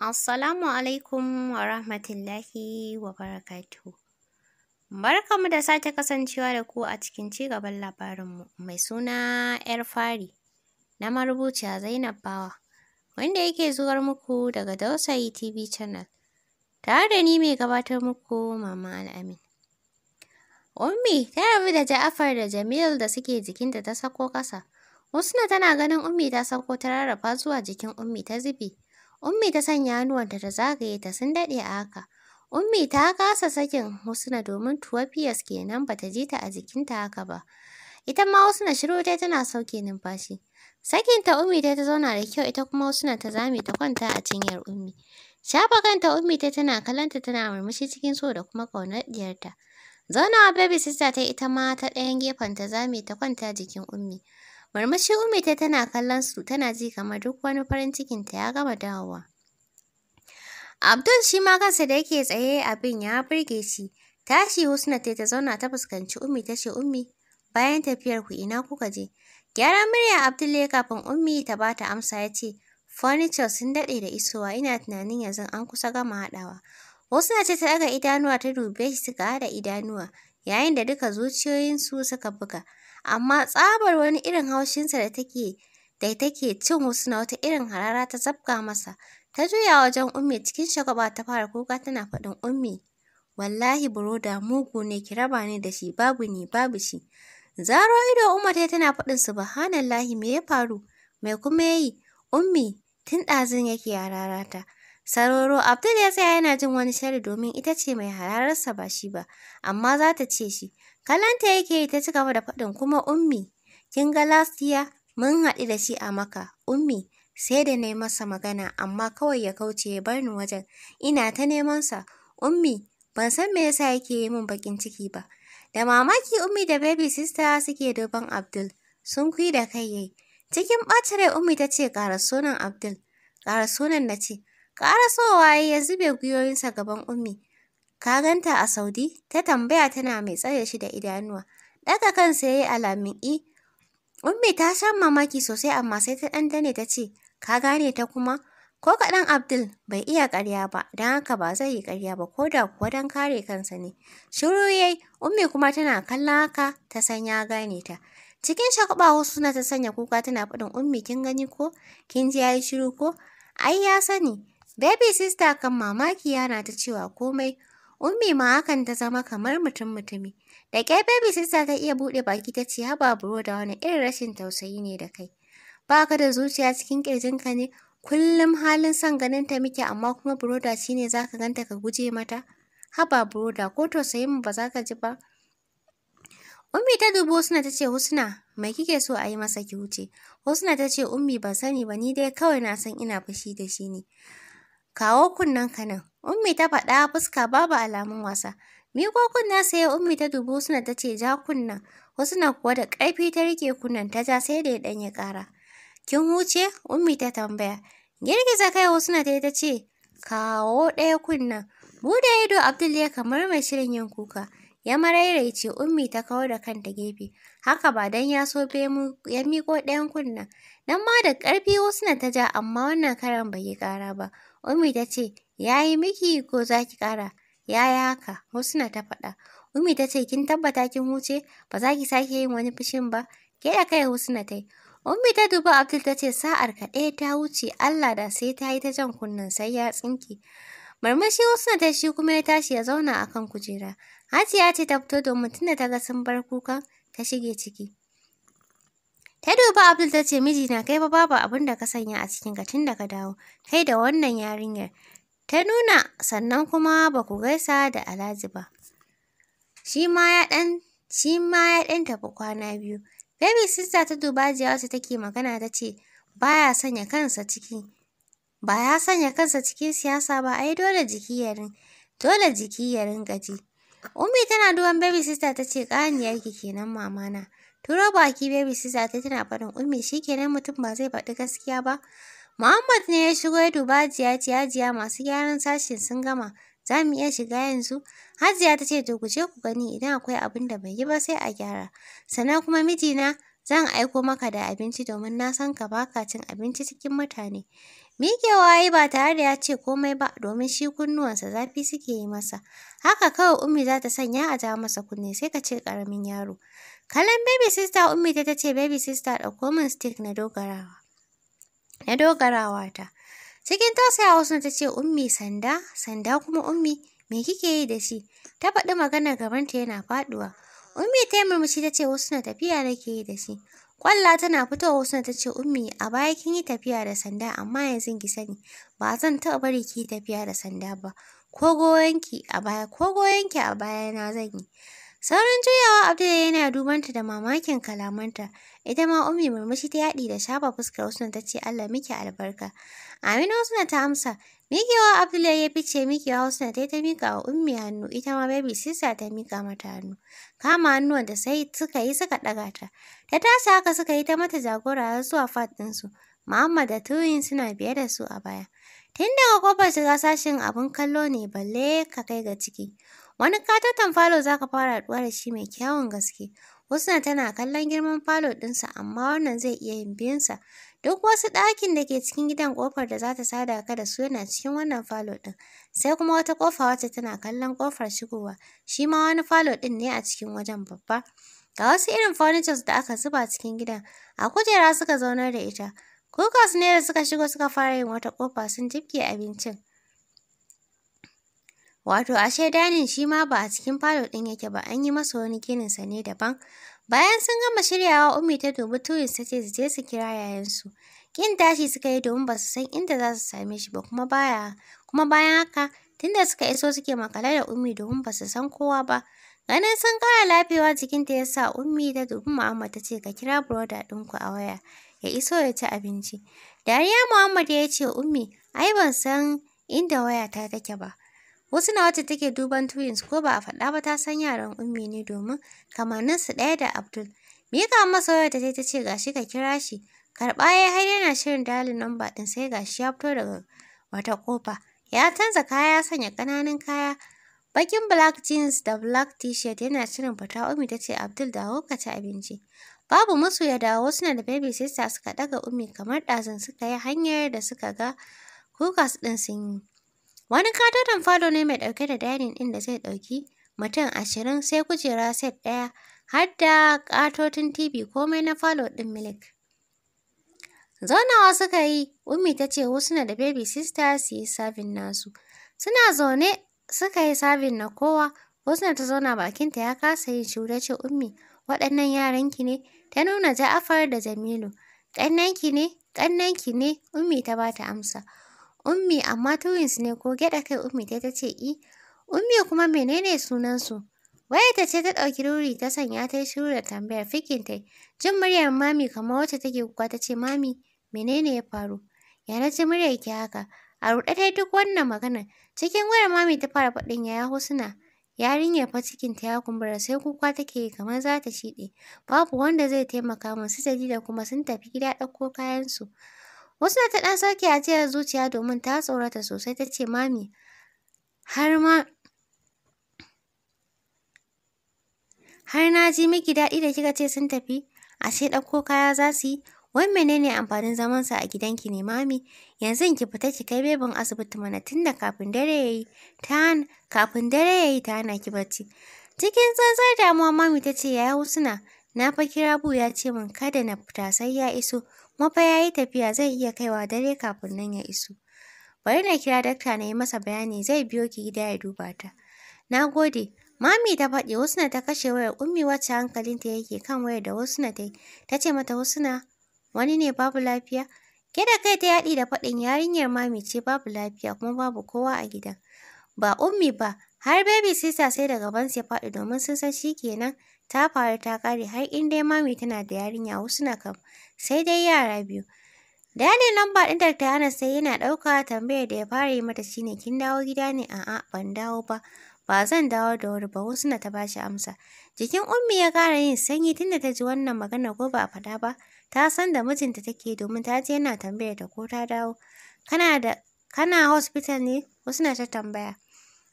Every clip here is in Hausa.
Assalamu alaikum wa rahmatullahi wa barakatu Barkanmu da sake kasancewa da ku a cikin ci cigaban labarinmu mai suna ‘yar fari na marubuciya Zainab Bawa, wanda yake zuwar muku daga Dausayi TV Channel, tare da ni mai gabatar muku Mama Al'amin. Ummi ta rabu da Ja'afar da Jamil da suke jikinta ta sako ƙasa. na tana ganin Ummi ta sako ta rarrafa zuwa jikin Ummi ta zubi? Ummi ta sanya hannuwanta ta zagaye ta sun daɗe a haka. Ummi ta kasa sakin Husna domin fiyas kenan bata ji ta a jikinta haka ba. Ita ma Husna shiru dai tana sauke numfashi. Sakinta Ummi dai ta zauna da kyau ita kuma Husna ta zame ta kwanta a cinyar Ummi. Shafa kanta Ummi ta tana kalanta tana murmushi cikin so da kuma ƙaunar diyarta. Zaunawa baby sister ta ita ma ta ɗayan gefen ta zame ta kwanta jikin Ummi. Marmashi ummi ta tana kallon su tana ji kamar duk wani farin ta ya gama dawowa. Abdul shi ma kansa da yake tsaye abin ya burge shi. Tashi Husna ta ta zauna ta fuskanci Ummi ta ce Ummi bayan tafiyar ku ina kuka je? Gyaran murya Abdul ya kafin Ummi ta ba amsa ya ce furniture sun dade da isowa ina tunanin yanzu an kusa gama haɗawa. Husna ce ta daga idanuwa ta dube shi suka haɗa idanuwa yayin da duka zuciyoyin su suka buga. amma tsabar wani irin haushinsa da take da take cin wasu na wata irin harara ta zabga masa ta juya wajen ummi cikin shagaba ta fara kuka tana faɗin ummi wallahi broda mugu ne ki raba ni da shi babu ni babu shi zaro ido umma ta tana faɗin subhanallahi me ya faru me kuma yayi ummi tun ɗazun yake harara ta Saroro Abdul ya tsaya yana jin wani shari domin ita ce mai sa ba shi ba, amma za ta ce shi, Kalanta yake ta ci gaba da faɗin kuma ummi, kin ga last mun haɗu da shi a maka, ummi, sai da na masa magana amma kawai ya kauce ya bar ni wajen, ina ta nemansa, ummi, ban san me yasa yake yi min bakin ciki ba. Da mamaki ummi da baby sister suke duban Abdul, sun kui da kai yayi. Cikin ɓacin ummi ta ce ƙara sunan Abdul, ƙara sunan na ce, ƙara sowa ya zube gwiwoyinsa gaban ummi. Ka ganta a Saudi? Ta tambaya tana mai tsare shi da idanuwa. Daga kansa ya yi alamin i. Eh, Ummi ta sha mamaki sosai amma sai ta dane ta ce, Ka gane ta kuma? Ko kaɗan Abdul bai iya karya ba, dan haka ba zai yi karya ba ko da kuwa don kare kansa ne. Shiru ya Ummi kuma tana kallon haka ta san ya gane ta. Cikin wasu suna ta sanya kuka tana faɗin Ummi kin gani ko? Kin ji yayi shiru ko? Ai ya sani. Baby sister kan mamaki yana ta cewa komai. Ummi ma hakan ta zama kamar mutum mutumi. Da ƙyar baby ta iya buɗe baki ta ce haba buro da wani irin rashin tausayi ne da kai. Ba ka da zuciya cikin ƙirjinka ne kullum halin son ganin ta muke amma kuma broda shi ne za ka ganta ka guje mata. Haba broda ko tausayin ba za ka ji ba. Ummi ta dubi suna ta ce Husna mai kike so a yi masa ki wuce. Husna ta ce Ummi ban sani ba ni dai kawai na san ina fushi da shi ne. kawo kunnen nan. Ummi ta faɗa fuska babu alamun wasa. Miko kunna sai Ummi ta dubu suna ta ce ja kunnen. Wasu na kuwa da ƙarfi ta rike kunnen ta ja sai da ya ɗan ya ƙara. Kin huce? Ummi ta tambaya. Girgiza kai wasu na ta ta ce kawo ɗaya kunnen Buɗe ido Abdul ya kamar mai shirin yin kuka. Ya marairaice Ummi ta kawo da kanta gefe. Haka ba dan ya so ya miko ɗayan kunnen. Nan ma da ƙarfi wasu na ta ja amma wannan karan bai yi ƙara ba. Umi ta ce, ya yi miki ko za ki ƙara? Ya yi haka, Husna ta faɗa. Umi ta ce, kin tabbata kin wuce, ba za ki sake yin wani fushin ba? Ke da kai Husna ta yi. Ummi ta duba Abdul ta ce, sa'ar ka ɗaya ta wuce, Allah da sai ta yi ta jan kunnen sai ya tsinki. Marmashi Husna ta shi kuma ya tashi ya zauna akan kujera. Hajiya ce ta fito domin tunda ta ga sun bar kukan, ta shige ciki. Ta duba Abdul ta ce mijina kai ba babu abin da ka sanya a cikin ka tun da ka dawo, kai da wannan yarinyar. Ta nuna sannan kuma ba ku gaisa da Alhaji ba. Shi ma ya ɗan shi ma ya ɗan tafi kwana biyu. Baby sister ta duba jiya take magana ta ce baya sanya kansa ciki. Ba ya sanya kansa cikin siyasa ba ai dole jiki ya rin dole jiki ya ji. Ummi tana duban baby sister ta ce ƙaniyarki kenan mamana. Turo baki baby sister ta tana faɗin ummi shikenan mutum ba zai faɗi gaskiya ba. Muhammad ne ya shigo ya duba Hajiya ce Hajiya masu gyaran sashin sun gama. Za mu iya shiga yanzu? Hajiya ta ce to ku je ku gani idan akwai abin da bai yi ba sai a gyara. Sannan kuma mijina zan aiko maka da abinci domin na san ka baka cin abinci cikin mutane. Miƙewa yi ba tare da ya ce komai ba domin shi kunnuwansa zafi suke yi masa. Haka kawai Ummi za ta sanya a ja masa kunne sai ka ce ƙaramin yaro. Kallon baby sister ummi ta ce baby sister da common stick na dogarawa. Na dogarawa ta. Cikin tausayawa sun ta ce ummi sanda, sanda kuma ummi me kike yi da shi? Ta faɗi maganar ta yana faɗuwa. Ummi ta yi murmushi ta ce wasu na tafiya nake yi da shi. Kwalla tana fitowa wasu ta ce ummi a baya kin yi tafiya da sanda amma yanzu ki sani ba zan taɓa bari ki tafiya da sanda ba. Ko goyonki a baya ko goyonki a baya na zan yi. Sauran juyawa Abdul yana dubanta da mamakin kalamanta. Ita ma Ummi murmushi ta yaɗi da shafa fuskar Usman ta ce Allah miki albarka. aminu Usman ta amsa, Mikewa Abdul ya fice mikewa Usman ta ta mika wa Ummi hannu, ita ma baby sista ta mika mata hannu. Kama hannuwan da sai suka yi suka ɗaga ta. Ta tasa haka suka yi ta mata jagora har zuwa fat su. Muhammad da Tuyin suna biye da su a baya. Tun daga kofar shiga sashin abin kallo ne balle ka kai ga ciki. Wani katatan falo za ka fara haɗuwa da shi mai kyawun gaske. Husna tana kallon girman falo ɗinsa amma wannan zai iya yin biyansa. Duk wasu ɗakin da ke cikin gidan ƙofar da za ta sada ka da su yana cikin wannan falo ɗin. Sai kuma wata ƙofa wacce tana kallon ƙofar shigowa. Shi ma wani falo ɗin ne a cikin wajen babba. Ga wasu irin furnitures da aka zuba cikin gidan. A kujera suka zaunar da ita. Kukas ne da suka shigo suka fara yin wata ƙofa sun jibge abincin. Wato ashe danin shi ma ba a cikin falo ɗin yake ba an yi masa wani ginin sa ne daban. Bayan sun gama shiryawa Ummi ta dubi tuyin ta su je su kira yayansu. Kin tashi suka yi domin ba su san inda za su same shi ba kuma baya kuma bayan haka tunda suka iso suke makale da Ummi domin ba su san kowa ba. Ganin sun lafiyawa lafewa jikinta ya sa Ummi ta dubi Muhammad ta ce ka kira broda ɗinku a waya ya iso ya ci abinci. Dariya Muhammad ya ce Ummi ai ban san inda wayata take ba. Wasu na wacce take duban twins ko ba a faɗa ba ta san yaran ummi ne domin su ɗaya da Abdul. Mika masa wayarta sai ta ce gashi ka kira shi. Karɓa ya har yana shirin dalin namba ɗin sai gashi ya fito daga wata ƙofa. Ya canza kaya ya sanya ƙananan kaya. Bakin black jeans da black t-shirt yana shirin fita Ummi ta ce Abdul dawo ka ci abinci. Babu musu ya dawo suna da baby sister suka ɗaga Ummi kamar ɗazun suka yi hanyar da suka ga kukas ɗin sun yi. Wani katoton falo ne mai ɗauke da dining ɗin da zai ɗauki mutum ashirin sai kujera set ɗaya har da katotin TV komai na falo ɗin milik. Zaunawa suka yi, Ummi ta ce wasu na da baby sister su yi sabin nasu. Suna zaune suka yi sabin na kowa, na ta zauna bakinta ya kasa yin shiru ce Ummi waɗannan yaranki ne, ta nuna Ja'afar da Jamilu. Ƙannanki ne, ƙannanki ne, Ummi ta ba ta amsa. Ummi amma twins ne ko gyaɗa kai Ummi dai ta ce i. Eh, Ummi kuma menene sunansu? Wayarta ce ta ɗauki ruri ta sanya ta yi shiru da tambayar fikin ta Jin muryar mami kamar wacce take kuka ta ce mami menene ya faru? Ya na ce muryar ki haka. A ruɗe ta duk wannan maganar. Cikin wayar mami ta fara faɗin yaya husna. Yarinyar fa cikinta ya kumbura sai kuka take yi kamar za ta shiɗe. Babu wanda zai taimaka min su da kuma sun tafi gida ɗauko kayansu. Wasu ta ɗan sauke ajiyar zuciya domin ta tsorata sosai ta ce mami har ma har na ji miki daɗi da kika ce sun tafi ashe ɗauko kaya za su yi wai menene amfanin zamansa a gidanki ne mami yanzu ki fita ki kai bebin asibiti mana tunda kafin dare yayi ta kafin dare yi ta hana ki barci. cikin tsantsar damuwa mami ta ce yaya husna Na fa kira bu ya ce min kada na fita sai ya iso, kuma fa ya yi tafiya zai iya kaiwa dare kafin nan ya iso. Bari na kira dakta na yi masa bayani zai biyo ki gida ya duba ta. Na gode, mami ta faɗi wasu ta kashe wayar ummi wacce hankalinta yake kan wayar da wasu ta yi. Ta ce mata wasu wani ne babu lafiya. Keda kai ta yaɗi da faɗin yarinyar mami ce babu lafiya kuma babu kowa a gidan. Ba ummi ba, har baby sister sai da gaban ya faɗi domin sun san shi kenan ta faru ta kare har in dai mami tana da yarinya wasu na kam sai dai yara biyu. Dani lamba ɗin dakta hana sai yana ɗauka tambayar da ya fara yi mata shine kin dawo gida ne a'a ban dawo ba ba zan dawo da wuri ba wasu na ta bashi amsa. Jikin Ummi ya kara yin sanyi tunda ta ji wannan magana ko ba a faɗa ba ta san da mijinta take domin ta ji yana tambayar ta ko ta dawo. Kana da kana hospital ne wasu na ta tambaya.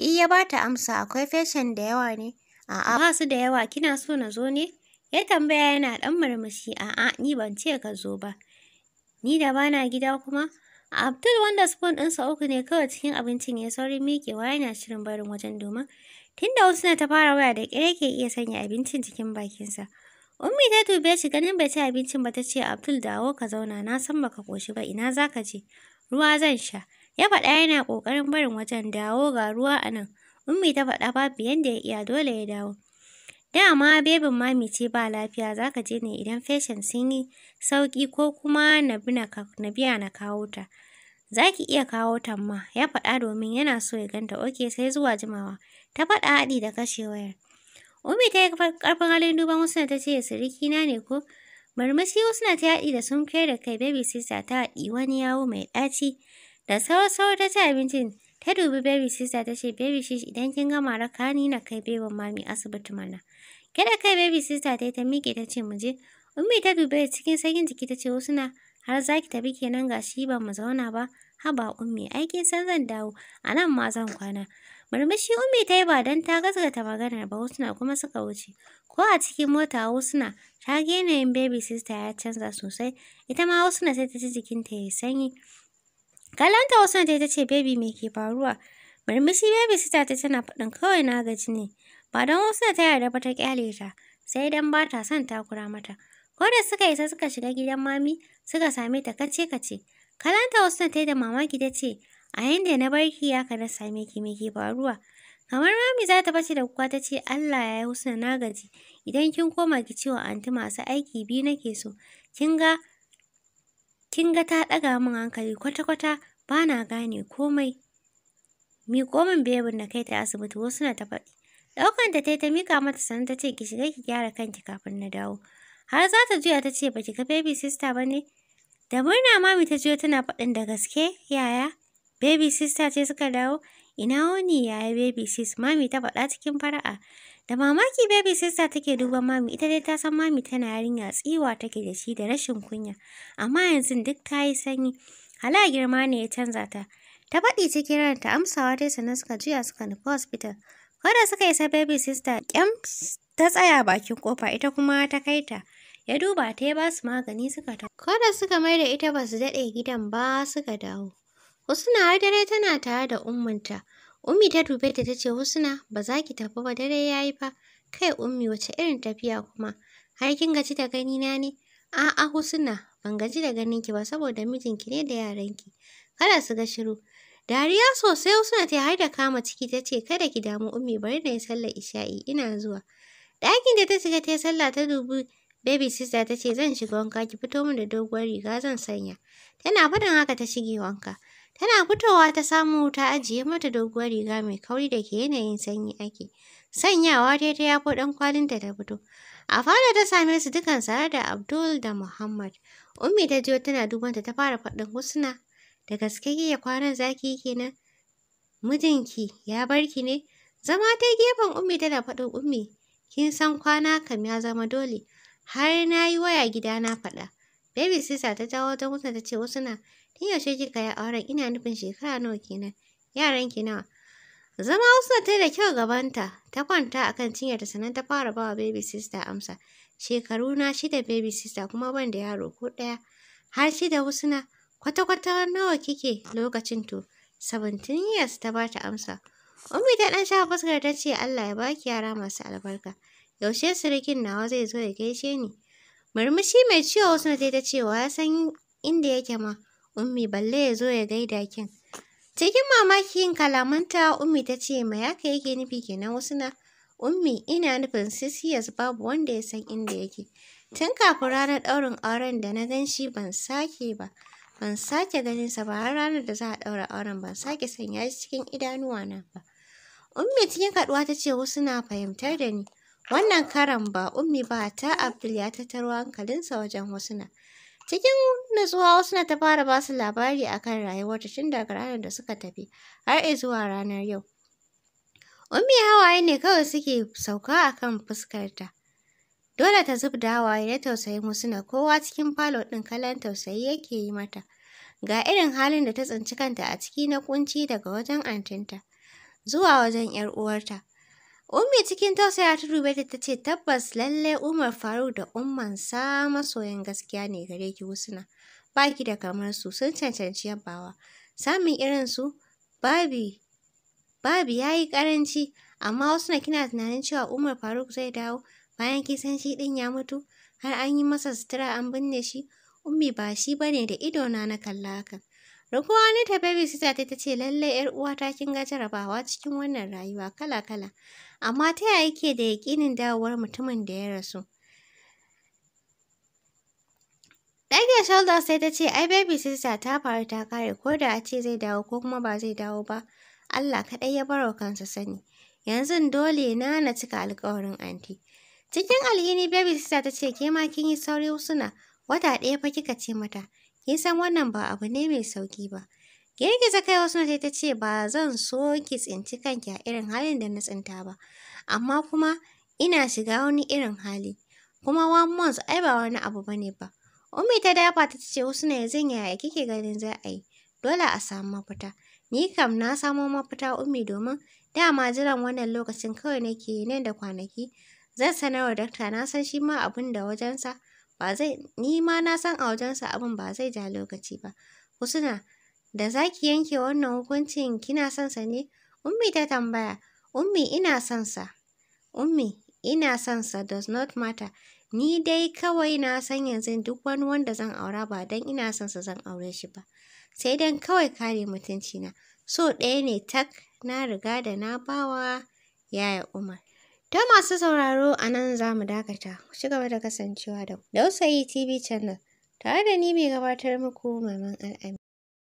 Iya eh, ba ta amsa akwai feshin da yawa ne. A'a ba su da yawa kina so na zo ne? Ya tambaya yana ɗan murmushi a'a ni ban ce ka zo ba. Ni da bana gida kuma? Abdul wanda spoon ɗinsa uku ne kawai cikin abincin ya saurin miƙewa yana shirin barin wajen domin tunda wasu na ta fara waya da ƙira ke iya sanya abincin cikin bakinsa. Ummi ta dube shi ganin bai ci abincin ba ta ce Abdul dawo ka zauna na san baka koshi ba ina za ka je? Ruwa zan sha. Ya faɗa yana ƙoƙarin barin wajen dawo ga ruwa anan. Ummi ta faɗa babu yadda ya iya dole ya dawo. Dama bebin mami ce ba lafiya za ka je ne idan feshin sun yi sauƙi ko kuma na biya na kawo ta. Za ki iya kawo ta ma ya faɗa domin yana so ya ganta oke sai zuwa jimawa. Ta faɗa haɗi da kashe wayar. Umi ta yi ƙarfin halin duban Husna ta ce siriki na ne ko? wasu na ta haɗi da sun kai da kai baby sister ta haɗi wani yawo mai ɗaci da sauri-sauri ta ci abincin. Ta dubi baby sister ta ce baby shish idan kin gama raka ni na kai bewan mami asibiti mana. Kada kai baby sister ta ta miƙe ta ce mu je. Ummi ta dubi cikin sanyin jiki ta ce wasu na har zaki ki tafi kenan shi ba mu zauna ba. Haba ummi aikin san zan dawo a nan ma zan kwana. Murmushi Ummi ta yi ba don ta gaskata maganar ba Husna kuma suka wuce. Ko a cikin mota Husna ta gane yanayin baby sister ya canza sosai, ita ma Husna sai ta ci jikinta ya sanyi. Galanta wasan ta ce baby mai ke faruwa? Murmushi baby sita ta tana faɗin kawai na gaji ne. Ba don wasu ta yarda ba ta kyale ta, sai dan ba ta son takura mata. Ko da suka isa suka shiga gidan mami, suka same ta kace kace. Kalanta wasu ta yi da mamaki ta ce, a yanda na bar ki ya ka same ki me ke faruwa? Kamar mami za ta bace da kuka ta ce Allah ya yi husna na gaji. Idan kin koma ki ce anti masu aiki biyu nake so. Kin ga Kin ga ta ɗaga min hankali kwata-kwata ba na gane komai. Miƙo min bebin na kai ta asibiti wasu na ta faɗi. ta yi ta mika mata sannan ta ce ki shiga ki gyara kanki kafin na dawo. Har za ta juya ta ce ba ki ga baby sister ba ne? Da murna mami ta juya tana faɗin da gaske yaya. Baby sister ce suka dawo. Ina wani yaya baby sis mami ta faɗa cikin fara'a. Da mamaki baby sister take duban mami ita dai ta san mami tana yarinya tsiwa take da shi da rashin kunya. Amma yanzu duk ta yi sanyi. Hala girma ne ya canza ta. Ta faɗi cikin ta amsawa dai sannan suka juya suka nufi hospital. Kada suka isa baby sister kyam ta tsaya bakin kofa ita kuma ta kai ta. Ya duba ta ya ba su magani suka ta. Kada suka mai da ita ba su daɗe gidan ba suka dawo. na har dare tana tare da umminta. Ummi ta dube ta tace Husna ba za ki tafi ba dare ya yi fa. Kai Ummi wace irin tafiya kuma? Har kin gaji da gani na ne? A'a Husna ban gaji da ganin ki ba saboda mijinki ne da yaran ki. Kada su ga shiru. Dariya sosai Husna ta har da kama ciki ta ce kada ki damu Ummi bari na yi sallar isha'i ina zuwa. Ɗakin da ta shiga ta yi sallah ta dubi Baby sister ta ce zan shiga wanka ki fito min da doguwar riga zan sanya. Tana faɗin haka ta shige wanka. Tana fitowa ta samu ta ajiye mata doguwar riga mai kauri da ke yanayin sanyi ake. Sanyawa dai ta yafo ɗan kwalinta ta fito. A fara ta same su dukan sare da Abdul da Muhammad. Ummi ta jiyo tana dubanta ta fara faɗin husna. Da gaske ya kwanan zaki kenan. Mijinki ya barki ne. Zama ta gefen Ummi tana faɗin Ummi. Kin san kwana kam ya zama dole. Har na yi waya gida na faɗa. Baby sister ta jawo ta husna ta ce husna. Tun yaushe kika yi auren ina nufin shekara nawa kenan? Yaran ki nawa? Zama Hausa ta da kyau gabanta, ta kwanta a kan cinyarta sannan ta fara bawa baby sister amsa. Shekaru na shida baby sister kuma ban da yaro ko ɗaya. Har shida na kwata-kwata nawa kike lokacin to? 17 years ta ba ta amsa. Ummi ta ɗan sha fuskar ta ce Allah ya baki yara masu albarka. Yaushe sirikin nawa zai zo ya gaishe ni? Murmushi mai ciwo wasu na ta ta cewa ya san inda yake ma. Ummi balle ya zo ya gaida kin. Cikin mamakin kalamanta Ummi ta ce ma ya ka yake nufi kenan wasu na. Ummi ina nufin sisiyas babu wanda ya san inda yake. Tun kafin ranar ɗaurin auren da na gan shi ban sake ba. Ban sake ganinsa ba har ranar da za a ɗaura auren ban sake sanya shi cikin idanuwana ba. Ummi cikin kaɗuwa ta ce wasu na fahimtar da ni. Wannan karan ba Ummi ba ta Abdul ya tattaro hankalinsa wajen wasu na. Cikin nutsuwa wasu na ta fara ba su labari akan rayuwarta tun daga ranar da suka tafi har zuwa ranar yau. Ummi hawaye ne kawai suke sauka a kan fuskarta. Dole ta zub da hawaye na tausayin wasu na kowa cikin falo ɗin kalan tausayi yake yi mata. Ga irin halin da ta tsinci kanta a ciki na kunci daga wajen antinta zuwa wajen ‘yar uwarta. Ummi cikin tausaya ta dube ta ce tabbas lallai Umar Faruk da umman sa masoyan gaskiya ne gare ki Husna. Ba ki da kamar su sun cancanci yabawa. Samun irin su babi babi yayi karanci amma Husna kina tunanin cewa Umar Faruk zai dawo bayan kin san shi din ya mutu har an yi masa sutura an binne shi. Ummi ba shi bane da idona na kalla hakan. Rukuwa ne ta baby sita ta ce lallai ‘yar uwata kin ga jarabawa cikin wannan rayuwa kala-kala. Amma ta yaya yake da yakinin dawowar mutumin da ya rasu? Dage shoulders sai ta ce ai baby sita ta faru ta kare ko da a ce zai dawo ko kuma ba zai dawo ba. Allah kaɗai ya baro kansa sani. Yanzu dole na na cika alƙawarin anti. Cikin alhini baby sita ta ce ke ma kin yi sauri suna wata ɗaya fa kika ce mata. Kin san wannan ba abu ne mai sauki ba. Girgiza kai wasu sai ta ce ba zan so ki tsinci kanki a irin halin da na tsinta ba. Amma kuma ina shiga wani irin hali. Kuma one month ai ba wani abu ba ne ba. Ummi ta dafa ta ce wasu ne zan yaya kike ganin za a yi. Dole a samu mafita. Ni kam na samo mafita ummi domin dama jiran wannan lokacin kawai nake nan da kwanaki. Zan sanarwa dakta na san shi ma abin da wajensa ba ni ma na san a wajensa abin ba zai ja lokaci ba husna da za ki yanke wannan hukuncin kina son sa ne ummi ta tambaya ummi ina son sa ummi ina son sa does not matter ni dai kawai na san yanzu duk wani wanda zan aura ba dan ina son sa zan aure shi ba sai dan kawai kare mutunci na so ɗaya ne tak na riga da na bawa yaya umar Ta masu sauraro a nan za mu dakata, ku ci gaba da kasancewa da Dausayi TV Channel, tare da ni mai gabatar muku Maman Al'amin.